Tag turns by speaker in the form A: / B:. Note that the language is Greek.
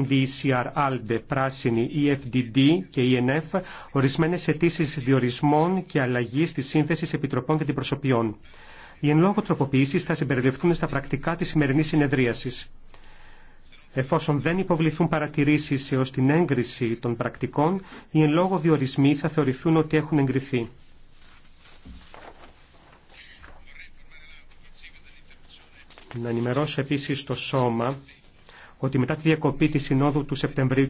A: NDCR, ALDE, Πράσινη, EFDD και ENF, ορισμένε αιτήσει διορισμών και αλλαγή τη σύνθεση επιτροπών και αντιπροσωπιών. Οι εν λόγω τροποποιήσει θα συμπεριληφθούν στα πρακτικά τη σημερινή συνεδρίαση. Εφόσον δεν υποβληθούν παρατηρήσει έω την έγκριση των πρακτικών, οι εν λόγω διορισμοί θα θεωρηθούν ότι έχουν εγκριθεί. Να ενημερώσω επίση το Σώμα ότι μετά τη διακοπή της
B: Συνόδου του Σεπτεμβρίου